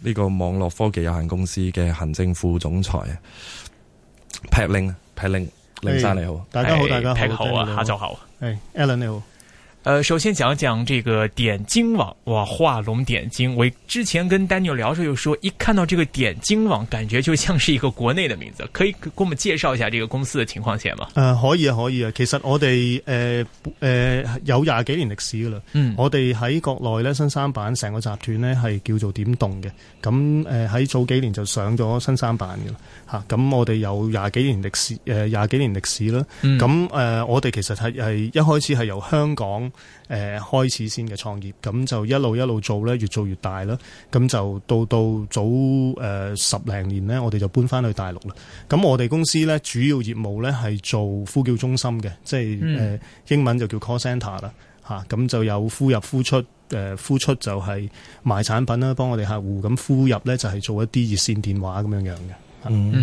呢、這個網絡科技有限公司嘅行政副總裁啊 Patrick，Patrick，凌生你好，hey, 大家好，hey, 大家好啊，下晝好啊，係、hey, Alan 你好。呃，首先講一講這個點睛網，哇，畫龍點睛。我之前跟 Daniel 聊時又說，一看到這個點睛網，感覺就像是一個國內的名字。可以給我們介紹一下這個公司的情況先嗎？呃，可以啊，可以啊。其實我哋誒誒有廿幾年歷史啦。嗯，我哋喺國內呢，新三板成個集團呢係叫做點動嘅。咁誒喺早幾年就上咗新三板噶啦。吓、啊，咁我哋有廿幾年歷史，誒、呃、廿幾年歷史啦。咁、嗯、誒、呃、我哋其實係係一開始係由香港。誒、呃，開始先嘅創業，咁就一路一路做咧，越做越大啦。咁就到到早誒、呃、十零年呢，我哋就搬翻去大陸啦。咁我哋公司咧，主要業務咧係做呼叫中心嘅，即係誒、呃、英文就叫 call center 啦。吓、啊，咁就有呼入呼出，誒、呃、呼出就係賣產品啦，幫我哋客戶。咁呼入咧就係、是、做一啲熱線電話咁樣樣嘅。嗯，誒、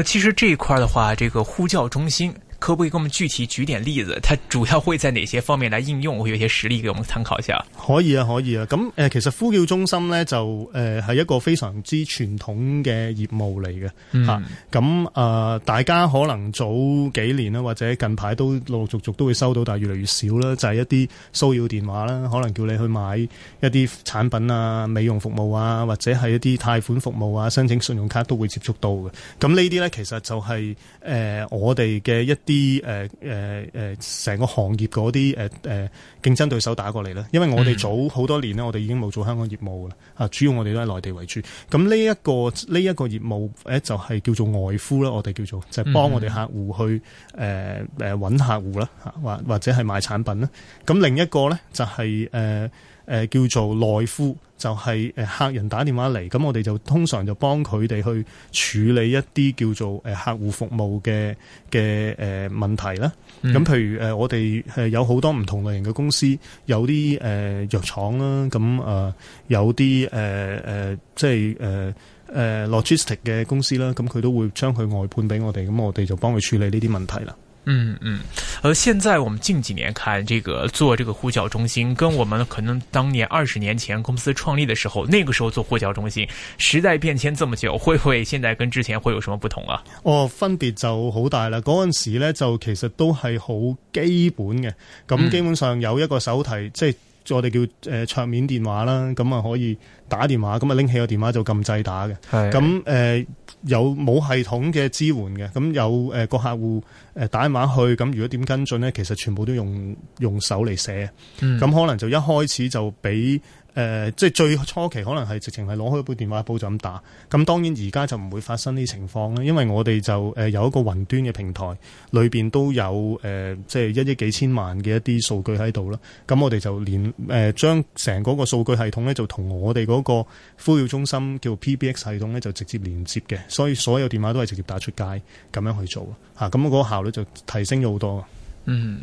嗯，其實這一塊嘅話，這個呼叫中心。可唔可以給我們具體舉點例子？它主要會在哪些方面來應用？會有些實例給我們參考一下？可以啊，可以啊。咁、嗯、誒，其實呼叫中心咧就誒係、呃、一個非常之傳統嘅業務嚟嘅吓。咁、嗯、誒、啊、大家可能早幾年啦，或者近排都陸陸續續都會收到，但係越嚟越少啦。就係、是、一啲騷擾電話啦，可能叫你去買一啲產品啊、美容服務啊，或者係一啲貸款服務啊、申請信用卡都會接觸到嘅。咁、嗯、呢啲咧，其實就係、是、誒、呃、我哋嘅一啲誒誒誒成個行業嗰啲誒誒競爭對手打過嚟啦，因為我哋早好多年呢，我哋已經冇做香港業務啦，啊，主要我哋都係內地為主。咁呢一個呢一個業務誒就係叫做外呼啦，我哋叫做就係幫我哋客戶去誒誒揾客戶啦，嚇，或或者係賣產品啦。咁另一個咧就係誒。誒、呃、叫做內呼，就係、是、客人打電話嚟，咁我哋就通常就幫佢哋去處理一啲叫做客戶服務嘅嘅誒問題啦。咁、嗯、譬如誒、呃，我哋有好多唔同類型嘅公司，有啲誒、呃、藥廠啦，咁啊、呃、有啲誒誒，即係誒、呃呃、logistic 嘅公司啦，咁佢都會將佢外判俾我哋，咁我哋就幫佢處理呢啲問題啦。嗯嗯，呃，現在我們近幾年看這個做這個呼叫中心，跟我們可能當年二十年前公司創立的時候，那個時候做呼叫中心，時代變遷這麼久，會不會現在跟之前會有什麼不同啊？哦，分別就好大了。嗰陣時咧，就其實都係好基本嘅，咁基本上有一個手提，嗯，即係。我哋叫誒、呃、桌面電話啦，咁啊可以打電話，咁啊拎起個電話就撳掣打嘅。係。咁誒、呃、有冇系統嘅支援嘅？咁有誒個、呃、客戶誒打電話去，咁如果點跟進咧，其實全部都用用手嚟寫。咁、嗯、可能就一開始就俾。誒，即係最初期可能係直情係攞開本電話簿就咁打，咁當然而家就唔會發生呢啲情況啦。因為我哋就誒有一個雲端嘅平台，裏邊都有誒即係一億幾千萬嘅一啲數據喺度啦。咁我哋就連誒、呃、將成嗰個數據系統呢，就同我哋嗰個呼叫中心叫 PBX 系統呢，就直接連接嘅，所以所有電話都係直接打出街咁樣去做啊。嚇，咁嗰個效率就提升咗好多。嗯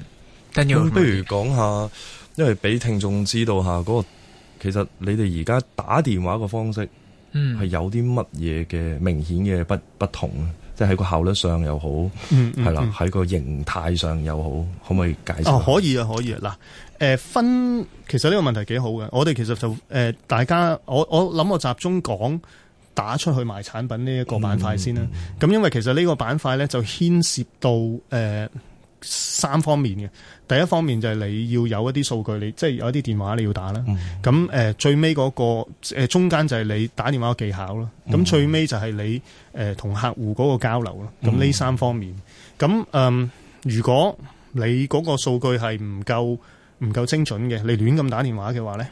，Daniel，不如講下、嗯，因為俾聽眾知道下嗰、嗰個。其實你哋而家打電話個方式，係有啲乜嘢嘅明顯嘅不不同，嗯、即係喺個效率上又好，係啦喺個形態上又好，可唔可以解釋？哦、啊，可以啊，可以啊，嗱，誒、呃、分，其實呢個問題幾好嘅，我哋其實就誒、呃，大家我我諗我集中講打出去賣產品呢一個板塊先啦。咁、嗯、因為其實呢個板塊咧就牽涉到誒、呃、三方面嘅。第一方面就係你要有一啲數據，你即係、即係、有一啲電話你要打啦。咁、嗯呃、最尾嗰、嗰個、呃、中間就係你打電話嘅技巧囉。咁、嗯、最尾就係你同、呃、客戶嗰個交流囉。咁呢三方面，咁嗯、呃，如果你嗰個數據係唔夠唔夠精準嘅，你亂咁打電話嘅話咧，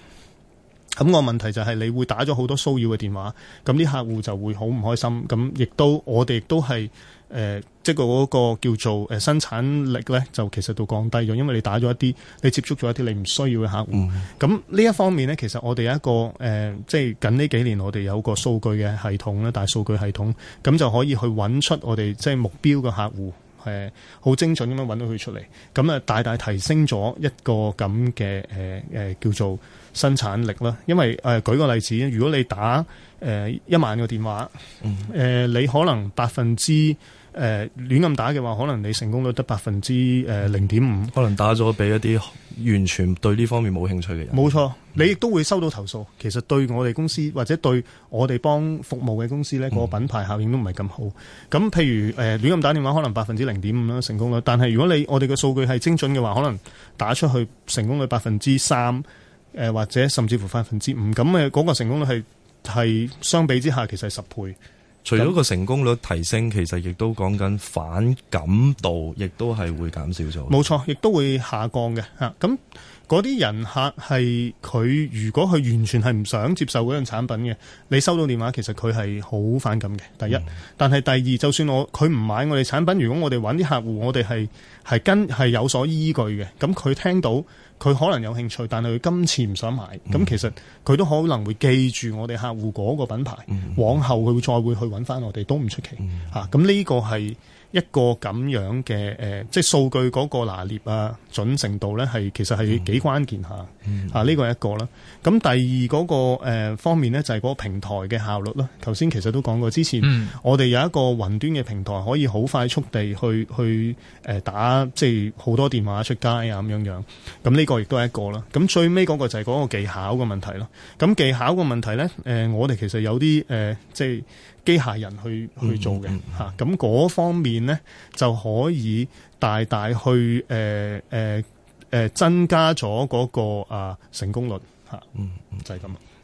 咁個問題就係你會打咗好多騷擾嘅電話，咁啲客戶就會好唔開心，咁亦都我哋亦都係誒，即係嗰個叫做誒生產力咧，就其實都降低咗，因為你打咗一啲，你接觸咗一啲你唔需要嘅客戶。咁、嗯、呢一方面呢，其實我哋有一個誒，即、呃、係、就是、近呢幾年我哋有個數據嘅系統咧，大數據系統，咁就可以去揾出我哋即係目標嘅客戶。誒、呃、好精準咁樣揾到佢出嚟，咁啊大大提升咗一個咁嘅誒叫做生產力啦。因為誒、呃、舉個例子，如果你打誒、呃、一萬個電話，誒、呃、你可能百分之。誒、呃、亂咁打嘅話，可能你成功率得百分之誒零點五，可能打咗俾一啲完全對呢方面冇興趣嘅人。冇錯，你亦都會收到投訴。嗯、其實對我哋公司或者對我哋幫服務嘅公司呢、個品牌效應都唔係咁好。咁譬如誒、呃、亂咁打電話，可能百分之零點五啦成功率。但係如果你我哋嘅數據係精準嘅話，可能打出去成功率百分之三，誒或者甚至乎百分之五。咁誒嗰個成功率係係相比之下其實係十倍。除咗個成功率提升，其實亦都講緊反感度，亦都係會減少咗。冇錯，亦都會下降嘅。嚇，咁。嗰啲人客係佢，如果佢完全係唔想接受嗰樣產品嘅，你收到電話，其實佢係好反感嘅。第一，但係第二，就算我佢唔買我哋產品，如果我哋揾啲客戶，我哋係係跟係有所依據嘅。咁佢聽到佢可能有興趣，但係佢今次唔想買，咁、嗯、其實佢都可能會記住我哋客戶嗰個品牌，往後佢會再會去揾翻我哋都唔出奇吓。嗯，啊，咁呢個係。一個咁樣嘅，呃、即係數據嗰個拿捏啊準程度咧，係其實係幾關鍵嚇、嗯。啊，呢個係一個啦。咁第二嗰個，呃、方面咧，就係嗰個平台嘅效率啦。頭先其實都講過，之前我哋有一個雲端嘅平台，可以好快速地去去，呃、打即係好多電話出街啊咁樣樣。咁呢個亦都係一個啦。咁最尾嗰個就係嗰個技巧嘅問題咯。咁技巧嘅問題咧、呃，我哋其實有啲誒、呃、即係。機械人去去做嘅嚇，咁嗰方面咧就可以大大去誒誒、呃呃呃、增加咗嗰個啊成功率嚇，嗯，就係咁啊。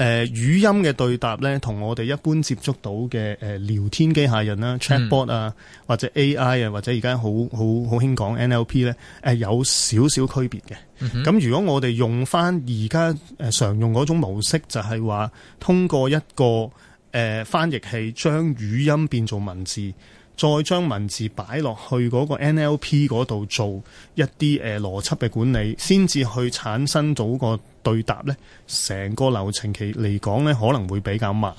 誒、呃、語音嘅對答呢，同我哋一般接觸到嘅、呃、聊天機械人啦、嗯、chatbot 啊，或者 AI 啊，或者而家好好好興講 NLP 呢，呃、有少少區別嘅。咁、嗯、如果我哋用翻而家常用嗰種模式，就係、是、話通過一個誒、呃、翻譯器將語音變做文字，再將文字擺落去嗰個 NLP 嗰度做一啲誒、呃、邏輯嘅管理，先至去產生到個對答呢，成個流程期嚟講呢，可能會比較慢。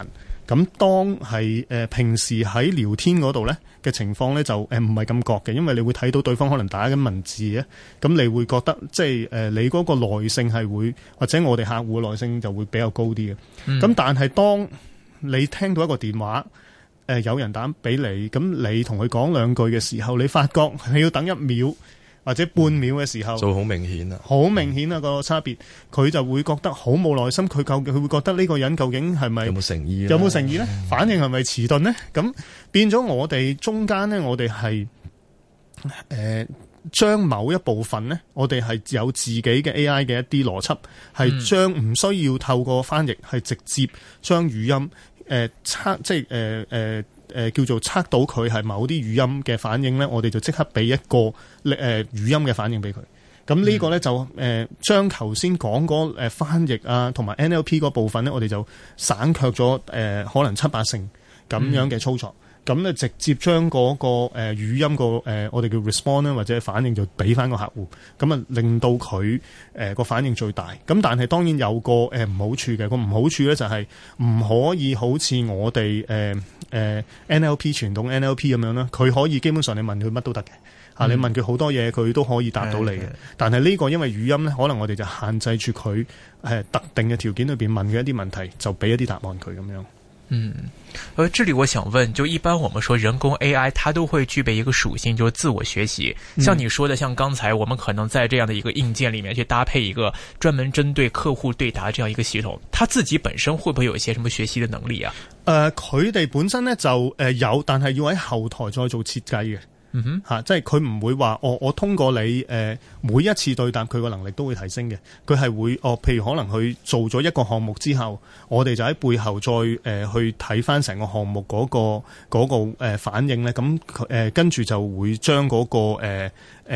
咁當係誒平時喺聊天嗰度呢嘅情況呢，就誒唔係咁覺嘅，因為你會睇到對方可能打緊文字啊，咁你會覺得即係誒你嗰個耐性係會，或者我哋客戶耐性就會比較高啲嘅。咁、嗯、但係當你聽到一個電話誒有人打俾你，咁你同佢講兩句嘅時候，你發覺你要等一秒。或者半秒嘅時候，就、嗯、好明顯啦、啊，好明顯啦、啊嗯那個差別，佢就會覺得好冇耐心，佢究竟佢會覺得呢個人究竟係咪有冇誠意？有冇誠意呢？有冇誠意呢嗯、反應係咪遲鈍呢？咁變咗我哋中間呢，我哋係誒將某一部分呢，我哋係有自己嘅 AI 嘅一啲邏輯，係將唔需要透過翻譯，係直接將語音誒測、呃、即係誒誒。呃呃呃、叫做測到佢係某啲語音嘅反應咧，我哋就即刻俾一個誒、呃、語音嘅反應俾佢。咁呢個咧、嗯、就誒、呃、將頭先講嗰誒翻譯啊，同埋 NLP 嗰部分咧，我哋就省卻咗誒可能七八成咁樣嘅操作。嗯嗯咁咧，直接將嗰個誒語音個誒我哋叫 respond 啦，或者反應就俾翻個客戶，咁啊令到佢誒個反應最大。咁但係當然有個誒唔好處嘅，個唔好處咧就係唔可以好似我哋誒 NLP 傳統 NLP 咁樣啦。佢可以基本上你問佢乜都得嘅，嚇、嗯、你問佢好多嘢佢都可以答到你。嘅。但係呢個因為語音咧，可能我哋就限制住佢誒特定嘅條件裏邊問嘅一啲問題，就俾一啲答案佢咁樣。嗯，呃，這裏我想問，就一般我們說人工 AI，它都會具備一個屬性，就是自我學習。像你說的，像剛才我們可能在這樣的一個硬件裏面去搭配一個專門針對客戶對答這樣一個系統，它自己本身會不會有一些什麼學習的能力啊？呃，佢哋本身呢，就呃有，但係要喺後台再做設計嘅。嗯哼，嚇，即係佢唔會話我，我通過你誒每一次對答，佢個能力都會提升嘅。佢係會哦，譬如可能佢做咗一個項目之後，我哋就喺背後再誒去睇翻成個項目嗰個嗰個誒反應咧。咁誒跟住就會將嗰個誒誒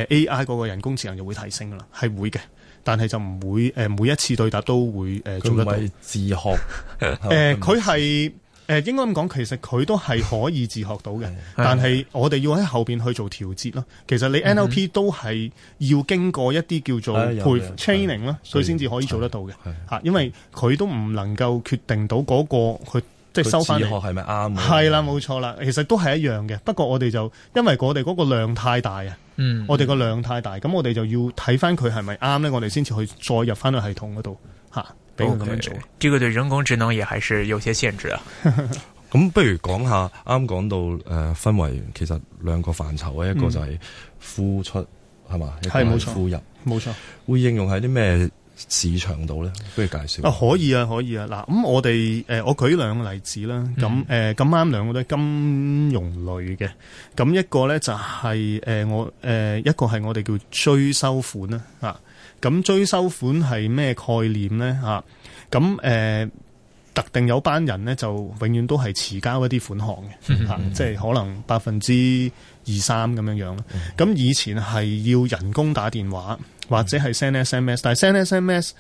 AI 嗰個人工智能就會提升㗎啦。係會嘅，但係就唔會誒每一次對答都會誒做得到。佢咪自學？誒佢係。誒，應該咁講，其實佢都係可以自學到嘅， 但係我哋要喺後邊去做調節咯。其實你 NLP、嗯、都係要經過一啲叫做培訓啦，所以先至可以做得到嘅。吓，因為佢都唔能夠決定到嗰、那個佢即係收翻。自學係咪啱？係啦，冇錯啦。其實都係一樣嘅，不過我哋就因為我哋嗰個量太大啊，我哋個量太大，咁、嗯、我哋、嗯、就要睇翻佢係咪啱呢？我哋先至去再入翻去系統嗰度吓。俾我咁樣做，呢、okay. 個對人工智能也還是有些限制啊。咁 不如講下，啱啱講到誒、呃，分為其實兩個範疇、嗯，一個就係付出係嘛、嗯，一個係付入，冇錯。會應用喺啲咩市場度咧、嗯？不如介紹啊，可以啊，可以啊。嗱，咁我哋誒、呃，我舉兩個例子啦。咁、嗯、誒，咁啱兩個都係金融類嘅。咁一個咧就係誒，我誒，一個係、就是呃、我哋、呃、叫追收款啦，吓、啊。咁追收款係咩概念咧？咁誒特定有班人咧，就永遠都係遲交一啲款項嘅，即 係可能百分之二三咁樣樣。咁以前係要人工打電話或者係 send SMS，但係 send SMS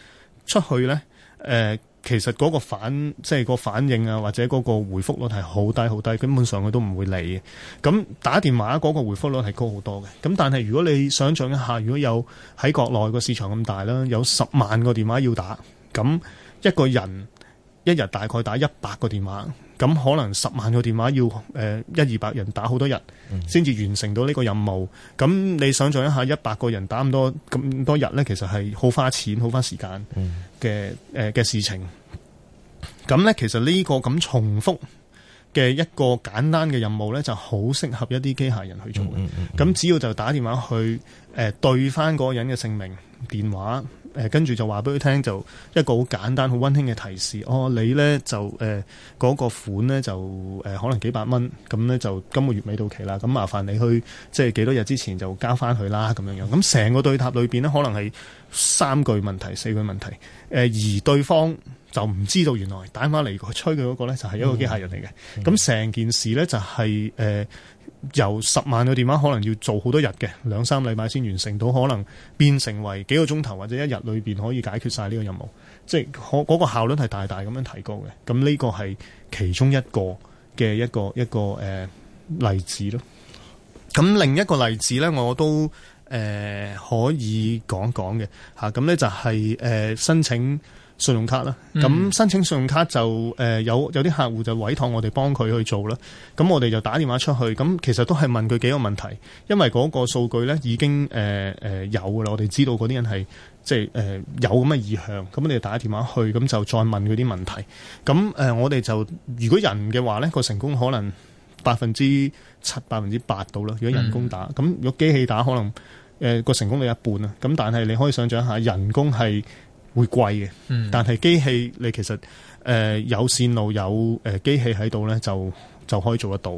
出去咧，誒、呃。其實嗰個反即係個反應啊，或者嗰個回覆率係好低好低，根本上佢都唔會理。咁打電話嗰個回覆率係高好多嘅。咁但係如果你想像一下，如果有喺國內個市場咁大啦，有十萬個電話要打，咁一個人。一日大概打一百個電話，咁可能十萬個電話要誒一二百人打好多日，先至完成到呢個任務。咁你想象一下，一百個人打咁多咁多日呢，其實係好花錢、好花時間嘅誒嘅事情。咁呢，其實呢個咁重複嘅一個簡單嘅任務呢，就好適合一啲機械人去做嘅。咁只要就打電話去誒、呃、對翻嗰個人嘅姓名、電話。誒跟住就話俾佢聽，就一個好簡單、好溫馨嘅提示。哦，你呢就誒嗰、呃那個款呢，就、呃、可能幾百蚊咁呢，就今個月尾到期啦。咁麻煩你去即係幾多日之前就交翻佢啦，咁樣樣。咁成個對答裏面呢，可能係三句問題、四句問題。誒、呃、而對方就唔知道原來打電話嚟佢催嘅嗰個呢，就係、是、一個機械人嚟嘅。咁、嗯、成件事呢，就係、是、誒。呃由十萬個電話可能要做好多日嘅，兩三禮拜先完成到，可能變成為幾個鐘頭或者一日裏邊可以解決晒呢個任務，即係可嗰個效率係大大咁樣提高嘅。咁呢個係其中一個嘅一個一個誒、呃、例子咯。咁另一個例子呢，我都誒、呃、可以講講嘅吓，咁、啊、呢就係、是、誒、呃、申請。信用卡啦，咁申請信用卡就誒有有啲客戶就委託我哋幫佢去做啦。咁我哋就打電話出去，咁其實都係問佢幾個問題，因為嗰個數據呢已經誒、呃呃、有噶啦，我哋知道嗰啲人係即係誒有咁嘅意向，咁我哋打電話去，咁就再問佢啲問題。咁誒、呃、我哋就如果人嘅話呢，個成功可能百分之七、百分之八到啦。如果人工打，咁、嗯、如果機器打，可能誒、呃、個成功率一半啊。咁但係你可以想象一下，人工係。會貴嘅，但係機器你其實誒、呃、有線路有誒機器喺度咧，就就可以做得到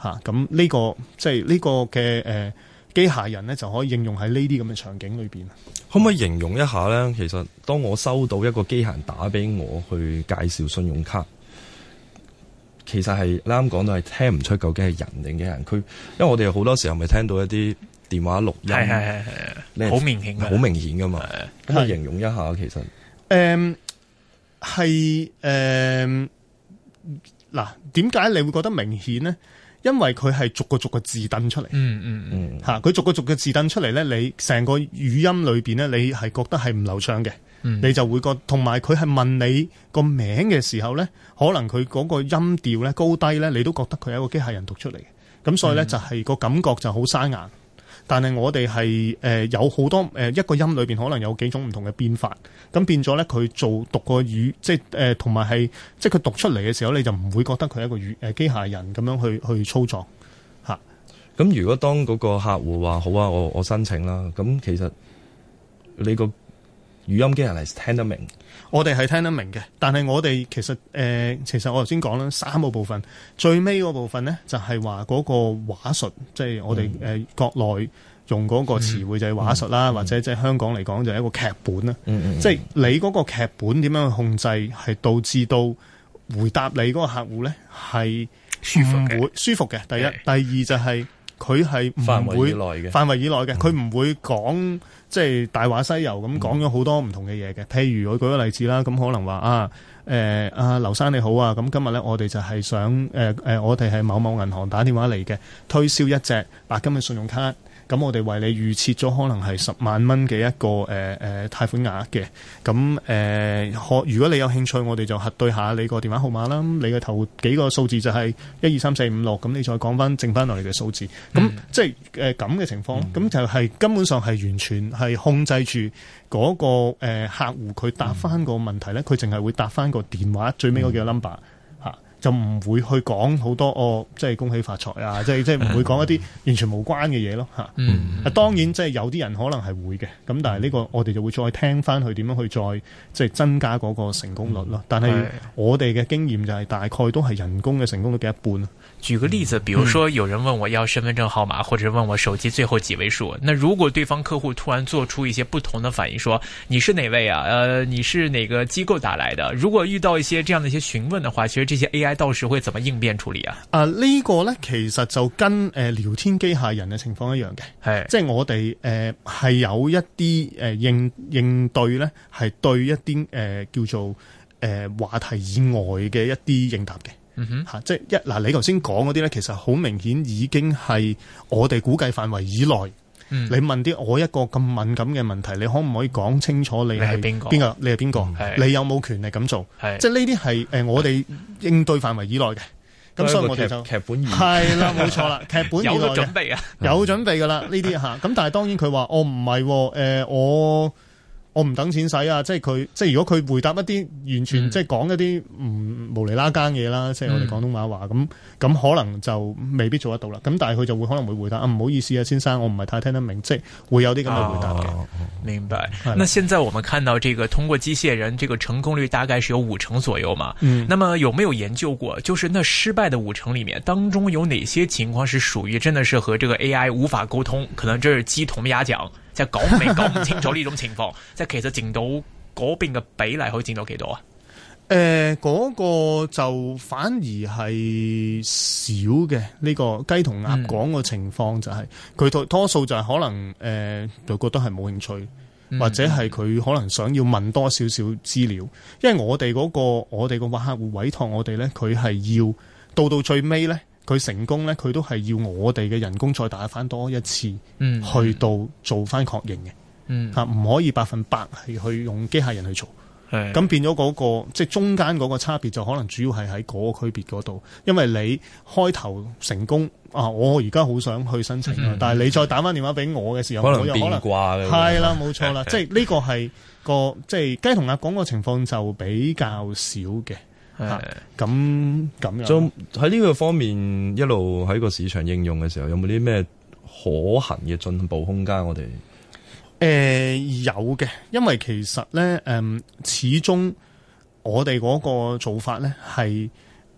吓。咁、啊、呢、這個即係呢個嘅誒機械人咧，就可以應用喺呢啲咁嘅場景裏邊。可唔可以形容一下咧？其實當我收到一個機械人打俾我去介紹信用卡，其實係啱講到係聽唔出究竟係人定機械人，佢因為我哋好多時候咪聽到一啲。電話錄音係系系係，好明顯噶，好明顯噶嘛。咁你形容一下，其實誒係誒嗱，點、嗯、解、嗯、你會覺得明顯呢？因為佢係逐個逐個字掟出嚟，嗯嗯嗯，吓佢逐個逐個字掟出嚟咧。你成個語音裏邊咧，你係覺得係唔流暢嘅、嗯，你就會覺同埋佢係問你個名嘅時候咧，可能佢嗰個音調咧高低咧，你都覺得佢係一個機械人讀出嚟嘅，咁所以咧就係個感覺就好生硬。但係我哋係誒有好多誒、呃、一個音裏面可能有幾種唔同嘅變法，咁變咗咧佢做讀個語，即係誒同埋係即係佢讀出嚟嘅時候，你就唔會覺得佢係一個語誒、呃、機械人咁樣去去操作嚇。咁、啊、如果當嗰個客戶話好啊，我我申請啦，咁其實你個語音機器人係聽得明。我哋係聽得明嘅，但係我哋其實誒、呃，其實我頭先講啦，三個部分，最尾嗰部分呢就係話嗰個話術，即、嗯、係、就是、我哋誒國內用嗰個詞彙就係話術啦、嗯嗯，或者即係香港嚟講就係一個劇本啦。即、嗯、係、嗯就是、你嗰個劇本點樣去控制，係導致到回答你嗰個客戶呢係唔會舒服嘅。第一，第二就係佢係範圍以內嘅，範圍以內嘅，佢、嗯、唔會講。即係大話西遊咁講咗好多唔同嘅嘢嘅，譬如我舉個例子啦，咁可能話啊，誒、呃、啊，劉生你好啊，咁今日咧我哋就係想誒、呃、我哋係某某銀行打電話嚟嘅，推銷一隻白金嘅信用卡。咁我哋為你預設咗可能係十萬蚊嘅一個誒誒貸款額嘅，咁誒可如果你有興趣，我哋就核對下你個電話號碼啦。你嘅頭幾個數字就係一二三四五六，咁你再講翻剩翻落嚟嘅數字，咁、嗯、即係誒咁嘅情況，咁、嗯、就係根本上係完全係控制住嗰個誒客戶，佢答翻個問題咧，佢淨係會答翻個電話、嗯、最尾嗰幾個 number。嗯。就唔會去講好多哦，即係恭喜發財啊！ 即係即係唔會講一啲完全冇關嘅嘢咯嚇。啊， 當然即係有啲人可能係會嘅，咁但係呢個我哋就會再聽翻佢點樣去再即係增加嗰個成功率咯。但係我哋嘅經驗就係大概都係人工嘅成功率嘅一半。舉個例子，比如說有人問我要身份證號碼、嗯，或者問我手機最後幾位數，那如果對方客戶突然做出一些不同的反應，說你是哪位啊？呃，你是哪個機構打來的？如果遇到一些這樣的一些詢問的話，其實這些 AI 到時會怎麼應變處理啊？啊呢、呢個呢，其實就跟誒、呃、聊天機械人嘅情況一樣嘅，係即係我哋誒係有一啲誒、呃、應應對呢係對一啲誒、呃、叫做誒、呃、話題以外嘅一啲應答嘅。嗯哼，嚇，即係一嗱，你頭先講嗰啲咧，其實好明顯已經係我哋估計範圍以內。嗯，你問啲我一個咁敏感嘅問題，你可唔可以講清楚你？你係邊個？邊個？你係邊個？你有冇權力咁做？係，即係呢啲係誒我哋應對範圍以內嘅。咁所以我哋就劇，劇本而係啦，冇 錯啦，劇本內 有準備啊，有準備噶啦呢啲嚇。咁 但係當然佢話，哦呃，我唔係誒我。我唔等錢使啊！即係佢，即係如果佢回答一啲完全即係講一啲唔無釐啦更嘅嘢啦，即係、嗯、我哋廣東話話咁咁，嗯、可能就未必做得到啦。咁但係佢就會可能會回答啊，唔好意思啊，先生，我唔係太聽得明，即係會有啲咁嘅回答嘅、哦。明白。那現在我們看到這個通過機械人這個成功率大概是有五成左右嘛？嗯。那麼有沒有研究過，就是那失敗的五成裏面，當中有哪些情況是屬於真的是和這個 AI 無法溝通？可能這是雞同鴨講。 就講唔明講唔清楚呢種情況，即 係其實賺到嗰邊嘅比例可以佔到幾多啊？誒、呃，嗰、那個就反而係少嘅呢、這個雞同鴨講嘅情況、就是，就係佢多多數就係可能誒就、呃、覺得係冇興趣，嗯、或者係佢可能想要問多少少資料，因為我哋嗰、那個我哋嘅客戶委託我哋咧，佢係要到到最尾咧。佢成功呢，佢都係要我哋嘅人工再打翻多一次，去到做翻確認嘅，嚇唔、嗯啊、可以百分百係去用機械人去做，咁的變咗嗰、嗰個即係中間嗰個差別就可能主要係喺嗰個區別嗰度，因為你開頭成功啊，我而家好想去申請、嗯、但係你再打翻電話俾我嘅時候，可能變卦嘅，係啦，冇錯啦， 即係呢個係個即係雞同鴨講嘅情況就比較少嘅。誒、嗯，咁咁樣，就喺呢個方面一路喺個市場應用嘅時候，有冇啲咩可行嘅進步空間？我哋誒有嘅，因為其實咧，誒、呃、始終我哋嗰個做法咧係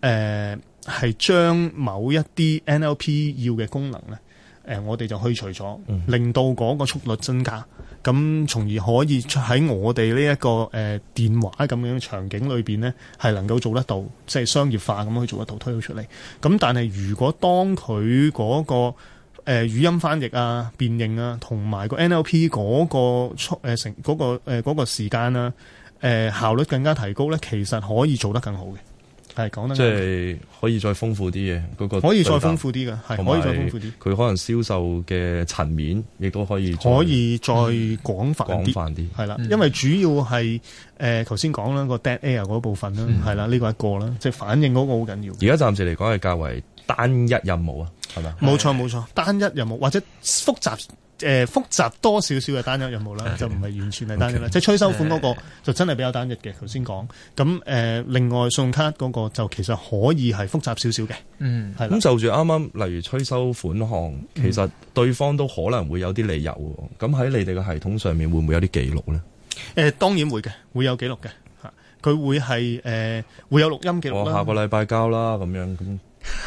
誒係將某一啲 NLP 要嘅功能咧，誒、呃、我哋就去除咗、嗯，令到嗰個速率增加。咁，從而可以喺我哋呢一個誒、呃、電話咁樣嘅場景裏邊咧，係能夠做得到，即係商業化咁去做得到推到出嚟。咁但係如果當佢嗰個誒語音翻譯啊、辨認啊，同埋個 NLP 嗰速誒成嗰誒、嗰個時間、呃那個、啊、誒、呃、效率更加提高咧，其實可以做得更好嘅。係講得即係、即係、可以再豐富啲嘅、嗰個、可以再豐富啲嘅可以再豐富啲。佢可能銷售嘅層面亦都可以可以再廣泛啲，係、嗯、啦、嗯。因為主要係誒頭先講啦個 dead air 嗰部分啦，係啦呢個一個啦，即、係、反應嗰個好緊要。而家暫時嚟講係較為單一任務啊，係咪？冇錯冇錯，單一任務或者複雜。誒、呃、複雜多少少嘅單一任務啦，okay. 就唔係完全係單一啦，okay. 即催收款嗰個就真係比較單一嘅。頭先講咁誒，另外信用卡嗰個就其實可以係複雜少少嘅。嗯、mm.，咁就住啱啱例如催收款項，mm. 其實對方都可能會有啲理由喎。咁喺你哋嘅系統上面會唔會有啲記錄呢？誒、呃、當然會嘅，會有記錄嘅。佢會係誒、呃、會有錄音記錄。我下個禮拜交啦咁樣咁。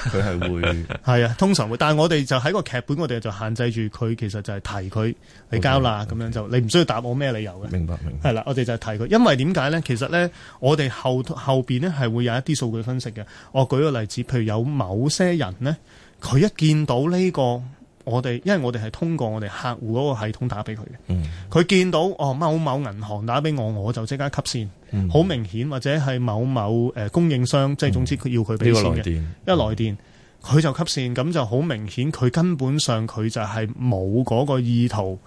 佢係會係 啊，通常會，但係我哋就喺個劇本，我哋就限制住佢，其實就係提佢你交啦，咁、okay, okay. 樣就你唔需要答我咩理由嘅。明白，明白。係啦、啊，我哋就係提佢，因為點解咧？其實咧，我哋後後邊咧係會有一啲數據分析嘅。我舉個例子，譬如有某些人呢，佢一見到呢、這個。我哋，因為我哋係通過我哋客戶嗰個系統打俾佢嘅。佢、嗯、見到哦某某銀行打俾我，我就即刻收線，好、嗯、明顯，或者係某某誒供應商，即、嗯、係、就是、總之佢要佢俾錢嘅，一來電佢、嗯、就收線，咁就好明顯，佢根本上佢就係冇嗰個意圖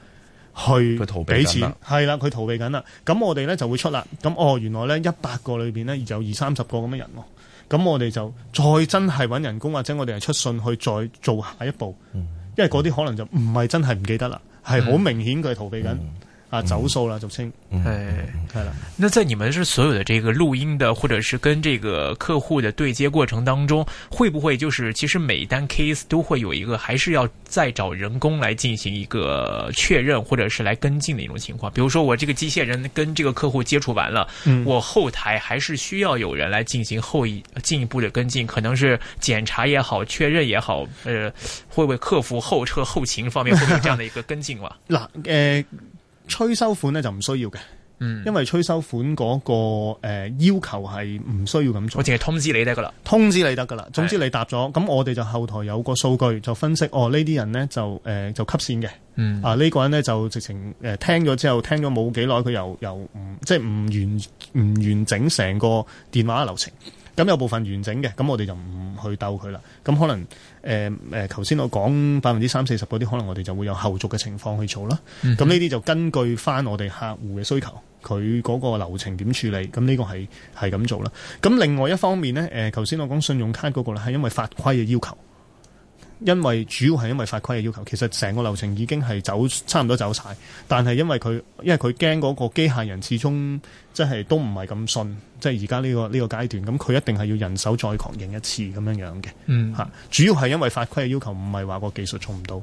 去俾錢，係啦，佢逃避緊啦。咁我哋咧就會出啦。咁哦，原來咧一百個裏邊咧有二三十個咁嘅人喎。咁我哋就再真係搵人工，或者我哋係出信去再做下一步。嗯因為嗰啲可能就唔係真係唔記得啦，係好明顯佢逃避緊。嗯嗯啊，走數啦，就、嗯、清，誒，係、哎嗯、了那在你們是所有的這個錄音的，或者是跟這個客戶的對接過程當中，會不會就是其實每一單 case 都會有一個，還是要再找人工來進行一個確認，或者是來跟進的一種情況？比如說我這個機械人跟這個客戶接觸完了，嗯、我後台還是需要有人來進行後一進一步的跟進，可能是檢查也好，確認也好，呃，會不會客服後車後勤方面會有會這樣的一個跟進啊？那 呃。催收款咧就唔需要嘅。嗯，因為催收款嗰、個誒、呃、要求係唔需要咁做，我淨係通知你得噶啦，通知你得噶啦。總之你答咗，咁我哋就後台有個數據就分析，哦呢啲人咧就誒、呃、就吸線嘅。嗯啊呢、個人咧就直情誒、呃、聽咗之後聽咗冇幾耐，佢又又唔即係唔完唔完整成個電話流程。咁有部分完整嘅，咁我哋就唔去鬥佢啦。咁可能誒誒，頭先我講百分之三四十嗰啲，可能我哋就會有後續嘅情況去做啦。咁呢啲就根據翻我哋客戶嘅需求，佢嗰個流程點處理，咁呢個係係咁做啦。咁另外一方面呢，誒頭先我講信用卡嗰個咧，係因為法規嘅要求。因為主要係因為法規嘅要求，其實成個流程已經係走差唔多走晒，但係因為佢因為佢驚嗰個機械人始終即係都唔係咁信，即係而家呢個呢個階段，咁佢一定係要人手再確認一次咁樣樣嘅，吓、嗯、主要係因為法規嘅要求，唔係話個技術做唔到。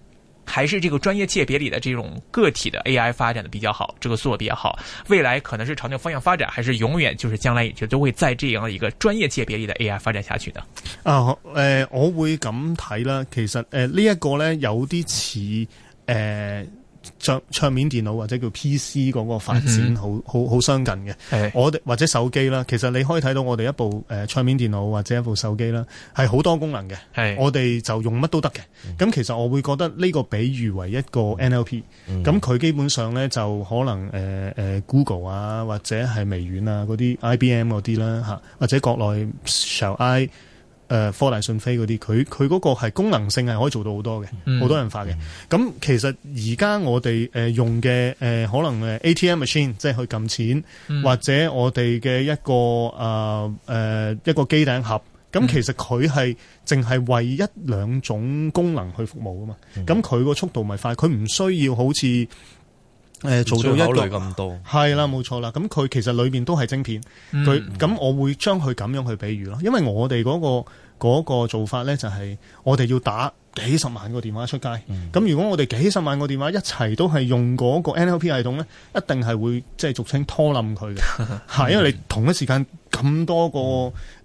還是這個專業界別裏的這種個體的 AI 發展的比較好，這個做比較好，未來可能是朝那方向發展，還是永遠就是將來也就都會在這樣一個專業界別裏的 AI 發展下去呢？啊，呃，我會咁睇啦，其實，誒、呃，呢、這、一個呢有啲似，呃唱桌面電腦或者叫 P.C. 嗰個發展好好好相近嘅、嗯。我哋或者手機啦，其實你可以睇到我哋一部誒、呃、桌面電腦或者一部手機啦，係好多功能嘅、嗯。我哋就用乜都得嘅。咁其實我會覺得呢個比喻為一個 NLP，咁、嗯、佢基本上咧就可能誒誒、呃呃、Google 啊，或者係微軟啊嗰啲 I.B.M. 嗰啲啦嚇，或者國內 Shall I。誒、呃、科大信飛嗰啲，佢佢嗰個係功能性係可以做到好多嘅，好、嗯、多人化嘅。咁、嗯、其實而家我哋誒用嘅誒、呃、可能誒 ATM machine 即係去撳錢、嗯，或者我哋嘅一個誒誒、呃呃、一個機頂盒。咁其實佢係淨係為一兩種功能去服務啊嘛。咁佢個速度咪快，佢唔需要好似。誒做咗一多，係啦，冇錯啦。咁佢其實裏邊都係晶片，佢、嗯、咁我會將佢咁樣去比喻咯。因為我哋嗰、嗰個嗰、嗰個、做法咧，就係我哋要打幾十萬個電話出街。咁、嗯、如果我哋幾十萬個電話一齊都係用嗰個 NLP 系統咧，一定係會即係俗稱拖冧佢嘅。因為你同一時間咁多個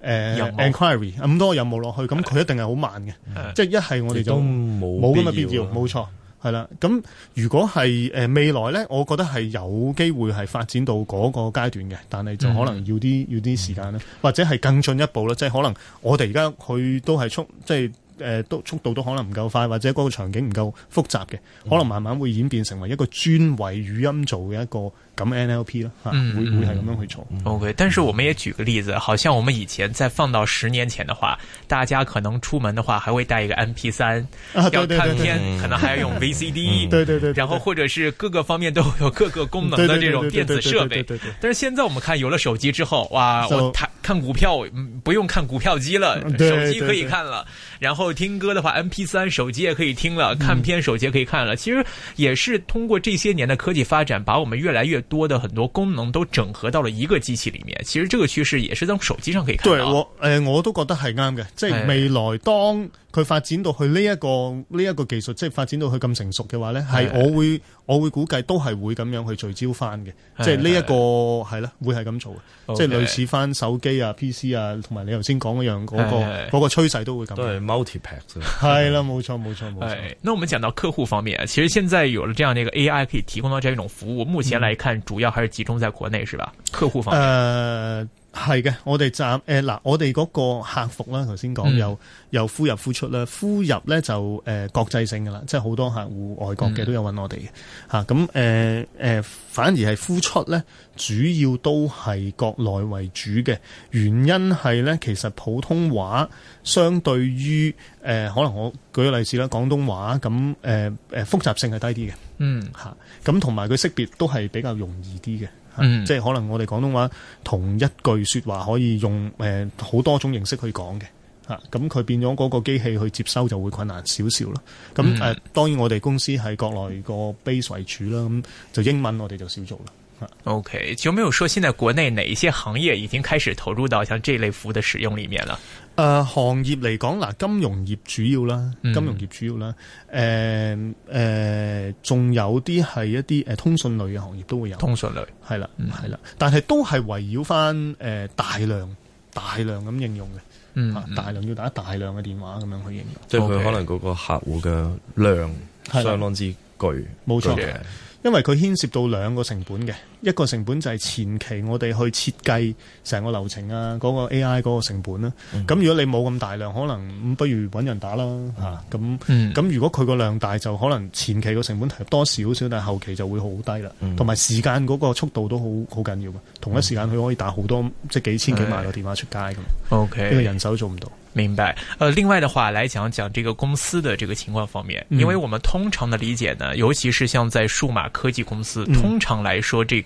誒 enquiry 咁多任務落去，咁佢一定係好慢嘅、啊嗯。即係一係我哋就冇冇咁嘅必要，冇錯。係啦，咁如果係誒未來呢，我覺得係有機會係發展到嗰個階段嘅，但係就可能要啲要啲時間啦，或者係更進一步啦，即係可能我哋而家佢都係速即係誒都速度都可能唔夠快，或者嗰個場景唔夠複雜嘅，嗯，可能慢慢會演變成為一個專為語音做嘅一個。咁 NLP 咯、啊，嗯，會嗯會係咁樣去做、嗯嗯。OK，但是我們也舉個例子，好像我們以前再放到十年前的話，大家可能出門的話還會帶一個 MP 三，要看片，啊、對對對對可能還要用 VCD，對對對，然後或者是各個方面都有各個功能的這種電子設備。嗯、對對對但是現在我們看有了手機之後，哇，我看看股票，不用看股票機了，手機可以看了。然後聽歌的話，MP 三手機也可以聽了，看片手機也可以看了。其實也是通過這些年的科技發展，把我們越來越，多的很多功能都整合到了一個機器裏面，其實這個趨勢也是從手機上可以看到。看對，我誒、呃，我都覺得係啱嘅。即、就、係、是、未來當佢發展到去呢一個呢一、這個技術，即、就、係、是、發展到去咁成熟嘅話咧，係我會我會估計都係會咁樣去聚焦翻嘅。即係呢一個係啦，會係咁做嘅，okay, 即係類似翻手機啊、PC 啊，同埋你頭先講嗰樣嗰、嗰個嗰、嗰個趨勢都會咁。都係 multi pack 係啦，冇錯冇錯冇錯。誒，那我們講到客戶方面，其實現在有了這樣一個 AI 可以提供到這樣一種服務，目前來看、嗯。主要還是集中在國內，是吧？客戶方面、呃。係嘅，我哋暫誒嗱，我哋嗰個客服啦，頭先講有有呼入呼出啦，呼入咧就誒、呃、國際性㗎啦，即係好多客戶外國嘅都有揾我哋嘅吓，咁誒誒反而係呼出咧，主要都係國內為主嘅，原因係咧其實普通話相對於誒、呃、可能我舉個例子啦，廣東話咁誒誒複雜性係低啲嘅，嗯吓，咁同埋佢識別都係比較容易啲嘅。嗯，即係可能我哋廣東話同一句說話可以用誒好多種形式去講嘅，咁佢變咗嗰個機器去接收就會困難少少咯。咁誒，當然我哋公司係國內個 base 為主啦，咁就英文我哋就少做啦。O K，就有沒有說現在國內哪一些行業已經開始投入到像這類服務的使用裏面了？誒、呃，行業嚟講嗱，金融業主要啦，金融業主要啦，誒、嗯、誒，仲、呃呃、有啲係一啲誒、呃、通訊類嘅行業都會有，通訊類係啦係啦，但係都係圍繞翻誒大量大量咁應用嘅，嗯，是是呃、大量、大量、嗯啊、大量要打大量嘅電話咁樣去應用，即係佢可能嗰個客戶嘅量相當之巨，冇錯嘅。因為佢牽涉到兩個成本嘅。一個成本就係前期我哋去設計成個流程啊，嗰、那個 AI 嗰個成本啦、啊。咁、嗯、如果你冇咁大量，可能不如搵人打啦，吓、嗯、咁。咁、啊嗯、如果佢個量大，就可能前期個成本投入多少少，但係後期就會好低啦。同、嗯、埋時間嗰個速度都好好緊要啊。同一時間佢可以打好多，即係幾千幾萬個電話出街咁、哎。OK，呢個人手做唔到。明白、呃。另外的話來講講這個公司的這個情況方面、嗯，因為我們通常的理解呢，尤其是像在數碼科技公司，嗯、通常來說、嗯、這個。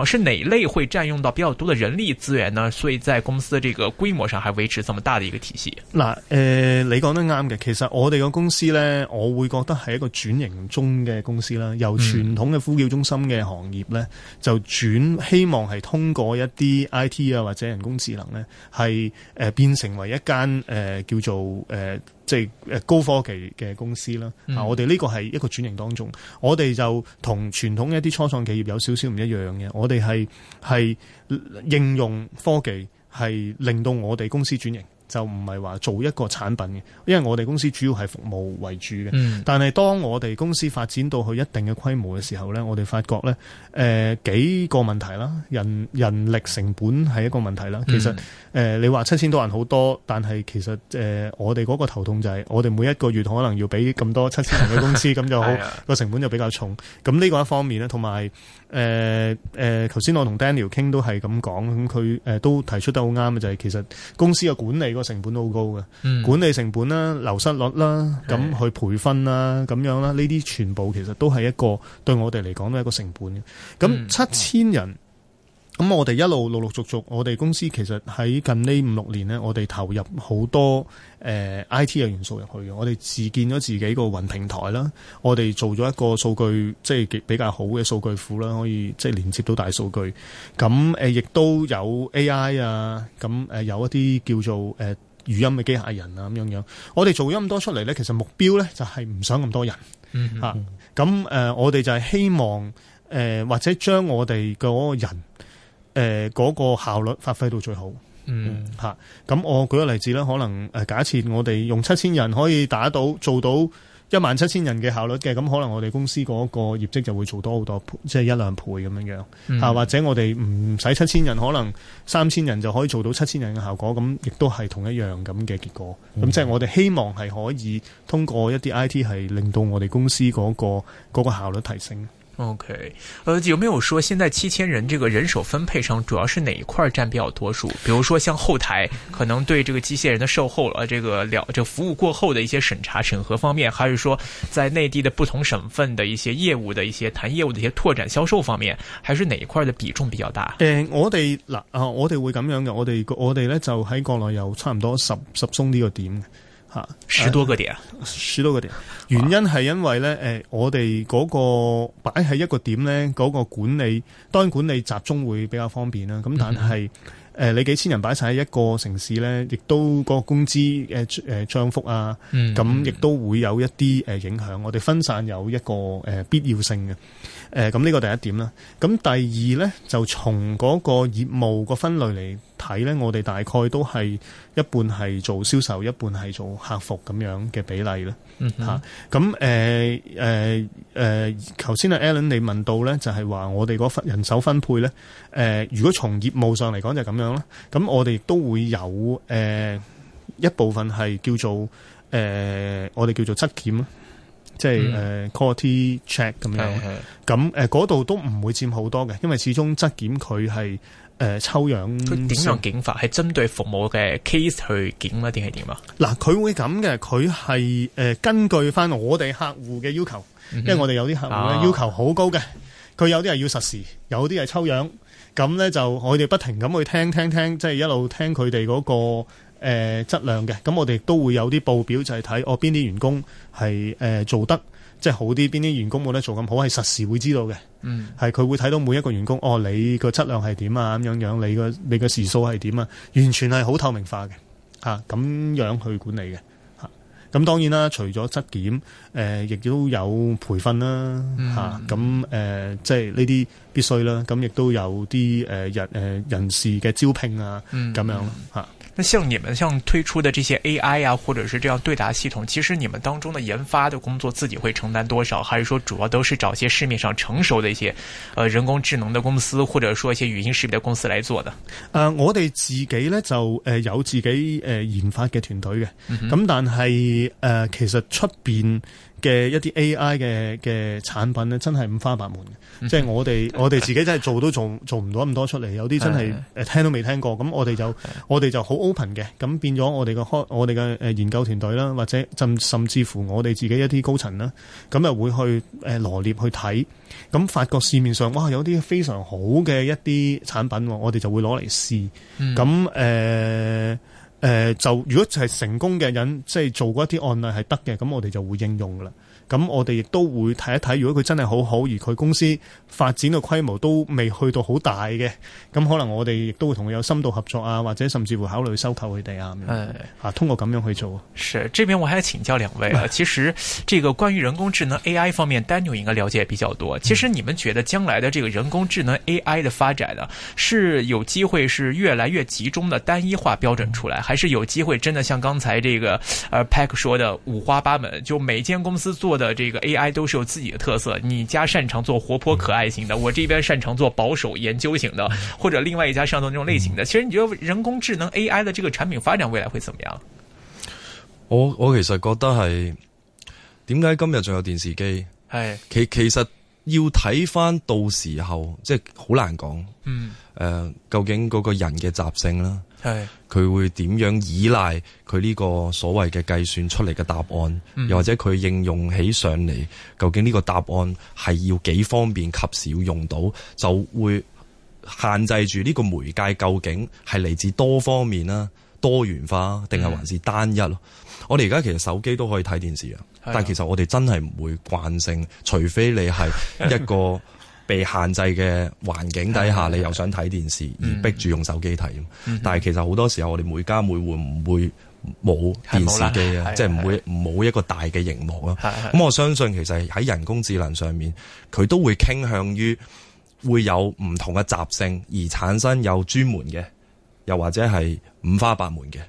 是哪類會佔用到比較多的人力資源呢？所以在公司的這個規模上，還維持這麼大的一個體系。嗱，誒，你講得啱嘅，其實我哋嘅公司呢，我會覺得係一個轉型中嘅公司啦，由傳統嘅呼叫中心嘅行業呢，嗯、就轉希望係通過一啲 IT 啊或者人工智能呢，係誒、呃、變成為一間誒、呃、叫做誒。呃即係高科技嘅公司啦、嗯。啊，我哋呢個係一個轉型當中，我哋就同傳統一啲初創企業有少少唔一樣嘅。我哋係係應用科技，係令到我哋公司轉型，就唔係話做一個產品嘅。因為我哋公司主要係服務為主嘅、嗯。但係當我哋公司發展到去一定嘅規模嘅時候咧，我哋發覺咧，誒、呃、幾個問題啦，人人力成本係一個問題啦。其實。嗯誒、呃，你話七千多人好多，但係其實誒、呃，我哋嗰個頭痛就係我哋每一個月可能要俾咁多七千人嘅工資，咁 就好個 成本就比較重。咁呢個一方面咧，同埋誒誒，頭、呃、先、呃、我同 Daniel 傾都係咁講，咁佢誒都提出得好啱嘅，就係、是、其實公司嘅管理個成本都好高嘅、嗯，管理成本啦、流失率啦、咁去培訓啦、咁樣啦，呢、嗯、啲全部其實都係一個對我哋嚟講都係一個成本嘅。咁七千人。嗯咁我哋一路陸陸續續，我哋公司其實喺近呢五六年呢，我哋投入好多誒、呃、IT 嘅元素入去嘅。我哋自建咗自己個雲平台啦，我哋做咗一個數據即係比較好嘅數據庫啦，可以即係連接到大數據。咁誒亦都有 AI 啊，咁、呃、誒有一啲叫做誒、呃、語音嘅機械人啊咁樣樣。我哋做咗咁多出嚟呢，其實目標呢就係唔想咁多人吓。咁、嗯、誒、嗯嗯啊呃、我哋就係希望誒、呃、或者將我哋嗰個人。誒，嗰個效率發揮到最好，嗯吓，咁我舉個例子啦，可能誒假設我哋用七千人可以打到做到一萬七千人嘅效率嘅，咁可能我哋公司嗰個業績就會做多好多，即係一兩倍咁樣樣吓，或者我哋唔使七千人，可能三千人就可以做到七千人嘅效果，咁亦都係同一樣咁嘅結果，咁即係我哋希望係可以通過一啲 IT 係令到我哋公司嗰個嗰個效率提升。OK，呃，有沒有說現在七千人這個人手分配上主要是哪一塊佔比較多數？比如說像後台可能對這個機械人的售後，了這個了這服務過後的一些審查審核方面，還是說在內地的不同省份的一些業務的一些談業務的一些拓展銷售方面，還是哪一塊的比重比較大？我哋嗱啊，我哋會咁樣嘅，我哋我哋呢就喺國內有差唔多十十松呢個點。吓，十多個點，啊啊，十多個點。原因係因為咧，誒，我哋嗰個擺喺一個點咧，嗰、那個管理，當然管理集中會比較方便啦。咁但係，誒，你幾千人擺晒喺一個城市咧，亦都嗰個工資，誒誒，漲幅啊，咁亦都會有一啲誒影響。我哋分散有一個誒必要性嘅。誒咁呢個第一點啦，咁第二咧就從嗰個業務個分類嚟睇咧，我哋大概都係一半係做銷售，一半係做客服咁樣嘅比例咧。嚇、嗯，咁誒誒誒，頭先阿 Allen 你問到咧，就係、是、話我哋個分人手分配咧，誒、呃、如果從業務上嚟講就係咁樣啦，咁我哋都會有誒、呃、一部分係叫做誒、呃、我哋叫做質檢啊。即係誒 quality check 咁樣，咁誒嗰度都唔會佔好多嘅，因為始終質檢佢係誒抽樣。佢點樣檢法？係針對服務嘅 case 去檢啊？定係點啊？嗱，佢會咁嘅，佢係、呃、根據返我哋客戶嘅要求，因為我哋有啲客戶咧要求好高嘅，佢、啊、有啲係要實時，有啲係抽樣，咁咧就我哋不停咁去聽聽聽，即係一路聽佢哋嗰個。誒、呃、質量嘅，咁我哋都會有啲報表就，就係睇我邊啲員工係誒、呃、做得即係好啲，邊啲員工冇得做咁好，係實時會知道嘅。嗯，係佢會睇到每一個員工，哦，你個質量係點啊？咁樣樣，你個你個時數係點啊？完全係好透明化嘅，嚇、啊、咁樣去管理嘅。嚇、啊，咁當然啦，除咗質檢，誒、呃、亦都有培訓啦，嚇咁誒，即係呢啲必須啦。咁亦都有啲、呃、人、呃、人事嘅招聘啊，咁、嗯、樣咯，啊。像你們像推出的這些 AI 呀、啊，或者是這樣對答系統，其實你們當中的研發的工作自己會承擔多少？還是說主要都是找一些市面上成熟的一些呃人工智能的公司，或者說一些語音識別的公司來做的？呃，我哋自己咧，就誒、呃、有自己誒、呃、研發嘅團隊嘅，咁、嗯、但係誒、呃、其實出邊。嘅一啲 AI 嘅嘅產品咧，真係五花八門 即係我哋我哋自己真係做都做做唔到咁多出嚟，有啲真係誒聽都未聽過。咁 我哋就 我哋就好 open 嘅，咁變咗我哋嘅開我哋嘅誒研究團隊啦，或者甚甚至乎我哋自己一啲高層啦，咁又會去誒羅列去睇，咁發覺市面上哇有啲非常好嘅一啲產品，我哋就會攞嚟試，咁 誒。呃誒、呃、就如果就係成功嘅人，即係做過一啲案例係得嘅，咁我哋就會應用㗎喇。咁我哋亦都會睇一睇，如果佢真係好好，而佢公司發展嘅規模都未去到好大嘅，咁可能我哋亦都會同佢有深度合作啊，或者甚至乎考慮收購佢哋啊咁樣、啊、通過咁樣去做。是，這邊我還要請教兩位啊。 其實，這個關於人工智能 AI 方面，Daniel 應該了解比較多。其實，你們覺得將來的這個人工智能 AI 的發展呢，是有機會是越來越集中的單一化標準出來，還是有機會真的像剛才這個，阿 Pack 說的五花八門，就每間公司做？的這個 AI 都是有自己的特色，你家擅長做活潑可愛型的，我這邊擅長做保守研究型的，或者另外一家擅長那種類型的。其實你覺得人工智能 AI 的這個產品發展未來會怎麼樣？我我其實覺得係點解今日仲有電視機？係其其實要睇翻到時候即係好難講。嗯，誒，究竟嗰個人嘅習性啦？係佢會點樣依賴佢呢個所謂嘅計算出嚟嘅答案，嗯，又或者佢應用起上嚟，究竟呢個答案係要幾方便及時要用到，就會限制住呢個媒介究竟係嚟自多方面啦、啊，多元化定、啊、係還是單一咯？嗯、我哋而家其實手機都可以睇電視啊，但係其實我哋真係唔會慣性，除非你係一個。 被限制嘅環境底下，你又想睇電視而逼住用手機睇，但係其實好多時候我哋每家每戶唔會冇電視機啊，即係唔會冇一個大嘅熒幕咯。咁我相信其實喺人工智能上面，佢都會傾向於會有唔同嘅雜性，而產生有專門嘅，又或者係五花八門嘅，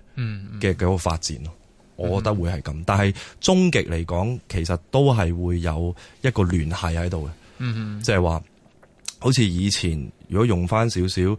嘅幾個發展咯。我覺得會係咁，但係終極嚟講，其實都係會有一個聯繫喺度嘅，即係話。好似以前，如果用翻少少誒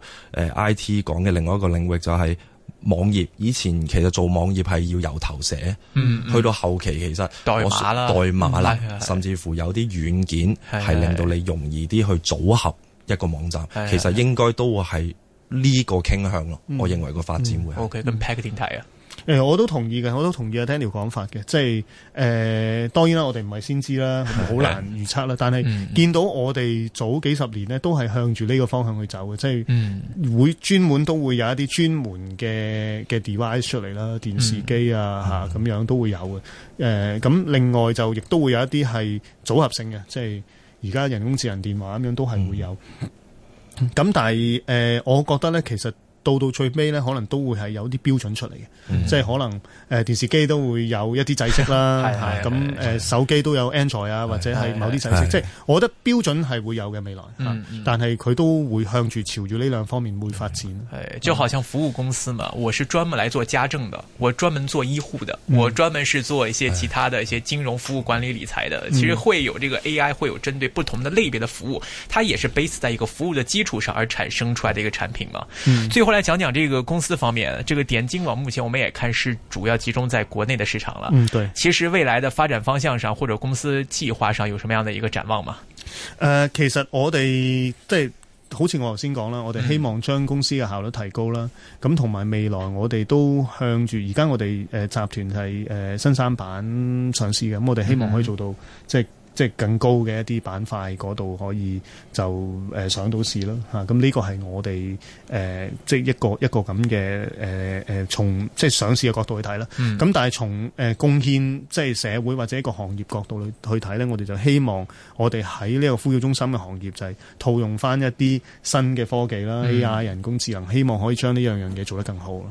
I T 講嘅另外一個領域，就係、是、網頁。以前其實做網頁係要由頭寫嗯，嗯，去到後期其實代碼啦，代碼啦，碼啦嗯、是是是甚至乎有啲軟件係令到你容易啲去組合一個網站。是是是其實應該都會係呢個傾向咯。我認為個發展會 O K。咁 pack 點睇啊？嗯 okay，嗯誒，我都同意嘅，我都同意阿 Daniel 講法嘅，即係誒、呃，當然啦，我哋唔係先知啦，好難預測啦。 但係見到我哋早幾十年咧，都係向住呢個方向去走嘅，即係會專門都會有一啲專門嘅嘅 device 出嚟啦，電視機啊吓，咁、啊、樣都會有嘅。誒、呃，咁另外就亦都會有一啲係組合性嘅，即係而家人工智能電話咁樣都係會有。咁 但係誒、呃、我覺得咧，其實。到到最尾咧，可能都會係有啲標準出嚟嘅、嗯，即係可能誒、呃、電視機都會有一啲製式啦，咁 誒那、 嗯、手機都有 Android 啊， 或者係某啲製式。 即係我覺得標準係會有嘅未來，嗯，嗯，但係佢都會向住朝住呢兩方面會發展。係、嗯，就好像服務公司嘛，我是專門嚟做家政嘅，我專門做醫護嘅、嗯，我專門是做一些其他的一些金融服務管理理財的、嗯。其實會有這個 AI 會有針對不同的類別的服務，它也是 base 在一個服務的基礎上而產生出來的一個產品嘛。嗯，最後。來講講這個公司方面，這個點睛網目前我們也看是主要集中在國內的市場了。嗯，對。其實未來的發展方向上，或者公司計劃上有什麼樣的一個展望嗎？呃，其實我哋即係，好似我頭先講啦，我哋希望將公司嘅效率提高啦。咁同埋未來，我哋都向住而家我哋誒集團係誒新三板上市嘅，咁我哋希望可以做到，嗯，即係。即係更高嘅一啲板塊嗰度可以就誒、呃、上到市啦吓，咁呢個係我哋誒、呃、即一個一個咁嘅誒誒從即係上市嘅角度去睇啦。咁、嗯、但係從誒貢獻即係社會或者一個行業角度去去睇咧，我哋就希望我哋喺呢個呼叫中心嘅行業就係套用翻一啲新嘅科技啦，AI、嗯、人工智能，希望可以將呢樣樣嘢做得更好咯。